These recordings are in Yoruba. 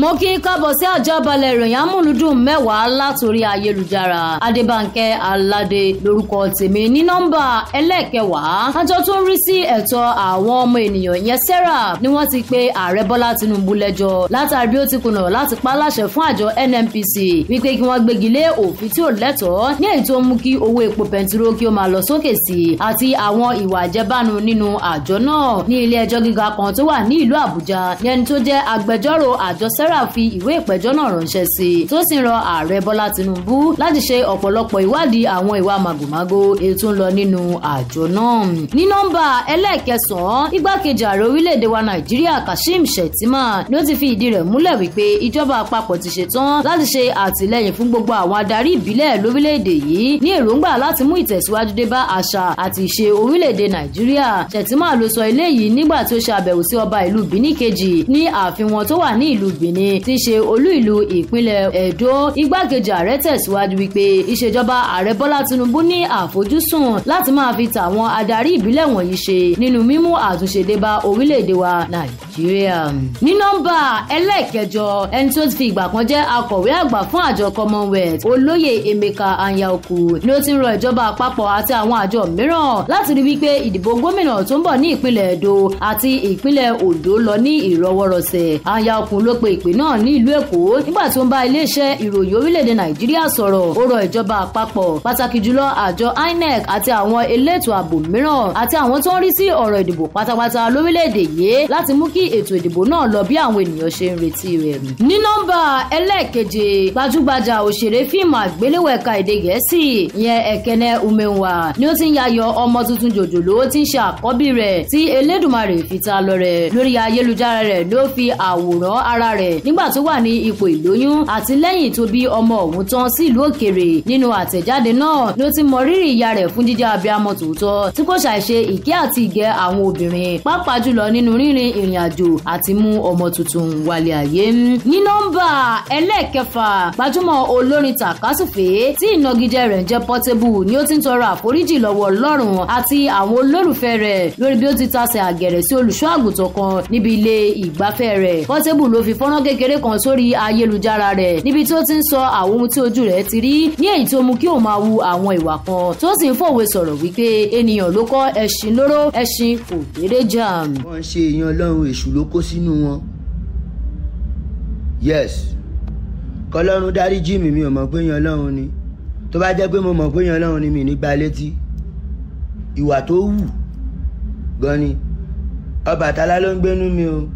mo kí kábọ̀ sí àjábalẹ̀ ìròyìn amúlùdùn mẹ́wàá látòrí ayélujára adébànkẹ́ alade lórúkọ tèmi ní nọ́mbà ẹlẹ́ẹ̀kẹwàá àjọ tó ń rí sí ẹ̀tọ́ àwọn ọmọ ènìyàn ìyẹn serap ni wọ́n ti pe ààrẹ bọ́lá tinubu lẹ́jọ́ látàrí bí ó ti kùnà láti pa láṣẹ fún àjọ nnpc wípé kí wọ́n gbégi lé òfin tí ò lẹ́tọ̀ọ́ ní èyí tó mú kí owó epo pẹntiró kí ó máa lọ sókè sí àti àwọn ìwà àjẹbánu nínú àjọ náà ní ilé ẹjọ́ gíga kan tó wà ní ìlú àbújá ní ẹni tó jẹ́ agbẹjọ́rò àjọ serap Náírà fi ìwé ìpẹ̀jọ́ náà ránṣẹ́ sí i tó sì ń rọ ààrẹ Bọ́lá Tinubu láti ṣe ọ̀pọ̀lọpọ̀ ìwádìí àwọn ìwà màgòmágó ètò ń lọ nínú àjọ náà. ní nọ́mbà ẹlẹ́ẹ̀kẹsàn-án igbákejì ààrẹ orílẹ̀-èdè wa Nàìjíríà Kashim Shettima ni ó ti fi ìdí rẹ̀ múlẹ̀ wípé ìjọba àpapọ̀ ti ṣetán láti ṣe àtìlẹ́yìn fún gbogbo àwọn adarí ìbílẹ̀ lórílẹ̀-èdè yìí ní èròǹgbà láti mú ìtẹ̀síwájú dé bá àṣà àti ìṣe orílẹ̀-èdè Nàìjíríà Shettima ló sọ eléyìí nígbà tó ṣe àbẹ̀wò sí ọba ìlú Benin kejì ní ààfin tó wà ní ìlú Benin ní tí í ṣe olú ìlú ìpínlẹ̀ Ẹdó igbákejì ààrẹ tẹ̀síwájú wípé ìṣèjọba ààrẹ Bọ́lá Tinubu ní àfojúsùn láti máa fi tàwọn adarí ìbílẹ̀ wọ̀nyí ṣe nínú mímú àtúnṣe dé bá orílẹ̀-èdè wa Nàìjíríà. ní nọ́mbà ẹlẹ́ẹ̀kẹjọ ẹni tó ti fi ìgbà kan jẹ́ akọ̀wé àgbà fún àjọ Commonwealth olóyè Emeka Anyaoku ni ó ti ń rọ ìjọba àpapọ̀ àti àwọn àjọ mìíràn láti rí wípé ìdìbò gómìnà tó ń bọ̀ ní ìpínlẹ̀ Ẹdó àti ìpínlẹ̀ Oǹdó lọ ní ìrọwọ́rọsẹ̀ Anyaoku ló pe ìp ìpè náà ní ìlú Èkó nígbà tó ń bá iléeṣẹ́ ìròyìn orílẹ̀-èdè Nàìjíríà sọ̀rọ̀ ó rọ ìjọba àpapọ̀ pàtàkì jùlọ àjọ INEC àti àwọn elétò ààbò mìíràn àti àwọn tó ń rí sí ọ̀rọ̀ ìdìbò pátápátá lórílẹ̀-èdè yìí láti mú kí ètò ìdìbò náà lọ bí àwọn ènìyàn ṣe ń retí rẹ̀. ní nọ́mbà ẹlẹ́ẹ̀keje gbajúgbajà òṣèré fíìmù àgbéléwò èdè Gẹ̀ẹ́sì ìyẹn Ekene Umenwa ni ó ti ń yayọ̀ ọmọ tuntun jòjòló tí ń ṣe àkọ́bí rẹ̀ tí Elédùmarè fi ta lọ́rẹ lórí ayélujára rẹ̀ ló fi àwòrán ara rẹ̀ rẹ̀ nígbà tó wà ní ipò ìlóyún àti lẹ́yìn tó bí ọmọ ọ̀hún tán sí ìlú òkèrè nínú àtẹ̀jáde náà ni ó ti mọ rírì ìyá rẹ̀ fún jíjẹ́ abiyamọ tòótọ́ tí kò ṣàìṣe ìkẹ́ àti ìgẹ́ àwọn obìnrin pàápàá jùlọ nínú rínrin ìrìn àjò àti mú ọmọ tuntun wálé ayé. ní nọ́mbà ẹlẹ́ẹ̀kẹfà gbajúmọ̀ olórin tàkásùfé tí ìnagijẹ rẹ̀ ń jẹ́ Portable ni ó ti ń tọrọ àforíjì lọ́wọ́ Ọlọ́run àti àwọn olólùfẹ́ rẹ̀ lórí bí ó ti tasẹ̀ àgẹ̀rẹ̀ sí olùṣọ́ kan níbi ilé ìgbafẹ́ rẹ̀ Portable ló fi fọ́nrán kékeré kan sórí ayélujára rẹ̀ níbi tí ó ti ń sọ àwọn ohun tí ojú rẹ̀ ti rí ní èyí tó mú kí òun máa wu àwọn ìwà kan tó sì ń fòwe sọ̀rọ̀ wípé ènìyàn ló kọ́ ẹṣin lóró ẹṣin kò déédéé jàm. wọ́n ṣe èèyàn ọlọ́run èṣù ló kó sínú wọn. yes kọlọ́run dáríjì mi mi ò mọ̀ pé èèyàn ọlọ́run ni tó bá jẹ́ pé mo mọ̀ pé èèyàn ọlọ́run ni mi ní gba létí ìwà tó wù gan ni Ọbàtálá ló ń gbénú mi o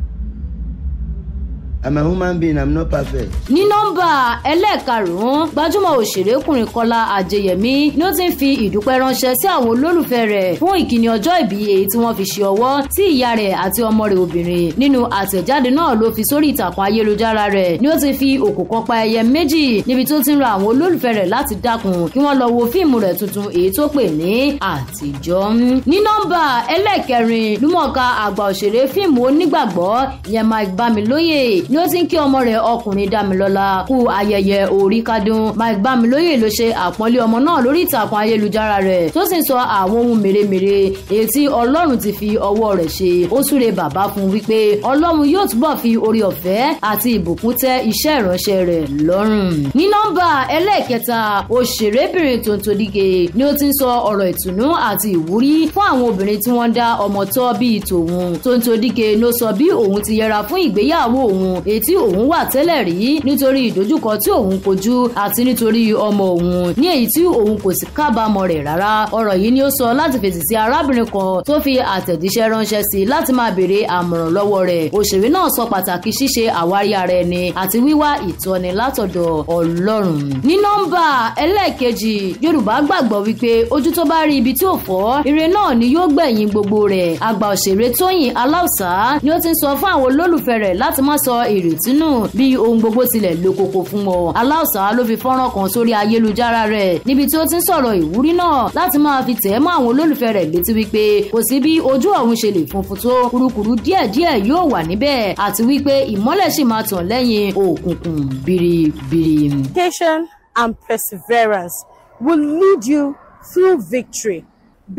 I'm a human being, I'm not perfect. ní nọ́mbà ẹlẹ́ẹ̀karùn-ún gbajúmọ̀ òṣèrékùnrin Kọ́lá Ajeyemi ni ó ti ń fi ìdúpẹ́ ránṣẹ́ sí àwọn olólùfẹ́ rẹ̀ fún ìkíni ọjọ́ ìbí èyí tí wọ́n fi ṣe ọwọ́ sí ìyá rẹ̀ àti ọmọ rẹ̀ obìnrin nínú àtẹ̀jáde náà ló fi sórí ìtàkùn ayélujára rẹ̀ ni ó ti fi òkò kan pa ẹyẹ méjì níbi tó ti ń rọ àwọn olólùfẹ́ rẹ̀ láti dákun kí wọ́n lọ wo fíìmù rẹ̀ tuntun èyí tó pè ní àtijọ́ ní nọ́mbà ẹlẹ́ẹ̀kẹrin lúmọ̀ọ́ká àgbà òṣèré fíìmù onígbàgbọ́ ìyẹn Mike Bamilóyè ni ó ti ń kí ọmọ rẹ̀ ọkùnrin Dámilọ́lá kú ayẹyẹ orí kádún Mike Bámilóyè ló ṣe àpọ́nlé ọmọ náà lórí ìtàkùn ayélujára rẹ̀ tó sì ń sọ àwọn ohun mèremère èyí tí Ọlọ́run ti fi ọwọ́ rẹ̀ ṣe ó súre bàbá fún wípé Ọlọ́run yóò túbọ̀ fi orí ọ̀fẹ́ àti ìbùkún tẹ́ iṣẹ́ ìránṣẹ́ rẹ̀ lọ́rùn. ní nọ́mbà ẹlẹ́ẹ̀kẹta òṣèrébìnrin Tontodige ni ó ti ń sọ ọ̀rọ̀ ìtùnú àti ìwúrí fún àwọn obìnrin tí wọ́n dá ọmọ tọ́ bíi tòun Tontodige ló sọ bí òun ti yẹra fún ìgbéyàwó òun èyí tí òun wà tẹ́lẹ̀ rí nítorí ìdojúkọ tí òun kojú àti nítorí ọmọ òun ní èyí tí òun kò sì kábàámọ̀ rẹ̀ rárá ọ̀rọ̀ yìí ni ó sọ láti fèsì sí arábìnrin kan tó fi àtẹ̀jíṣẹ́ ránṣẹ́ sí láti máa béèrè àmọ̀ràn lọ́wọ́ rẹ̀ òṣèré náà sọ pàtàkì ṣíṣe àwárí ara ẹni àti wíwá ìtọ́ni látọ̀dọ̀ ọlọ́run ní nọ́mbà ẹlẹ́ẹ̀kejì yorùbá gbàgbọ́ wípé ojú tó bá rí ibi tí ò fọ́ ire náà ni yóò gbẹ̀yìn gbogbo rẹ̀ àgbà òṣèré tóyìn aláùsá ni ó ti ń sọ fún àwọn olólùfẹ́ rẹ̀ láti má sọ ìrètí nù bí ohun gbogbo tilẹ̀ lókòkò fún wọn. aláùsà ló fi fọ́nrán kan sórí ayélujára rẹ̀ níbi tí ó ti ń sọ̀rọ̀ ìwúrí náà láti máa fi tẹ̀ mọ́ àwọn olólùfẹ́ rẹ̀ létí wípé kò sí bí ojú ọ̀run ṣe lè funfun tó kurukuru díẹ̀díẹ̀ yóò wà níbẹ̀ àti wípé ìmọ́lẹ̀ ṣì máa tàn lẹ́yìn òkùnkùn biribiri. Patience and perseverance will lead you through victory.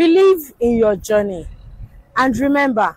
Believe in your journey. And remember,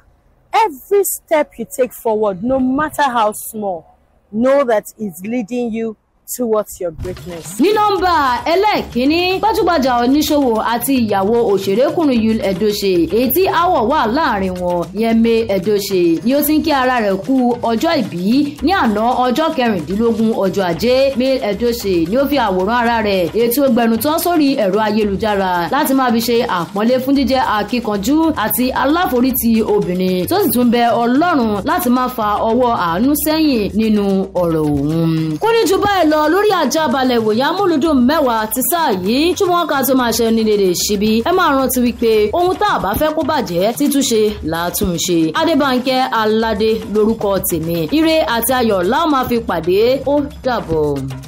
every step you take forward, no matter how small, know that it's leading you towards your greatness. ní nọ́mbà ẹlẹ́ẹ̀kínní gbajúgbajà oníṣòwò àti ìyàwó òṣèrékùnrin Yul Edochie èyí tí àwọ̀ wà láàrin wọn Yẹmí Edochie ni ó ti ń kí ara rẹ̀ kú ọjọ́ ìbí ní àná ọjọ́ kẹrìndínlógún ọjọ́ ajé Mil Edochie ni ó fi àwòrán ara rẹ̀ ètò ìgbẹ̀nùtàn sórí ẹ̀rọ ayélujára láti máa fi ṣe àpọ́nlé fún jíjẹ́ akíkanjú àti aláforítì obìnrin tó sì tún bẹ Ọlọ́run láti má fa ọwọ́ àánú sẹ́yìn nínú ọ̀rọ̀ òun. kó ní ju báyìí lọ lọ lórí àjábalẹ̀ ìwòye amúlùdùn mẹ́wàá ti sáà yìí ṣùgbọ́n ká tó máa ṣe ní dédé ṣíbí ẹ máa rántí wípé ohun tá a bá fẹ́ kó bàjẹ́ títúnṣe làátúnṣe adébánkẹ́ aládé lórúkọ tèmi ire àti ayọ̀ la ó máa fi pàdé ó dàbọ̀.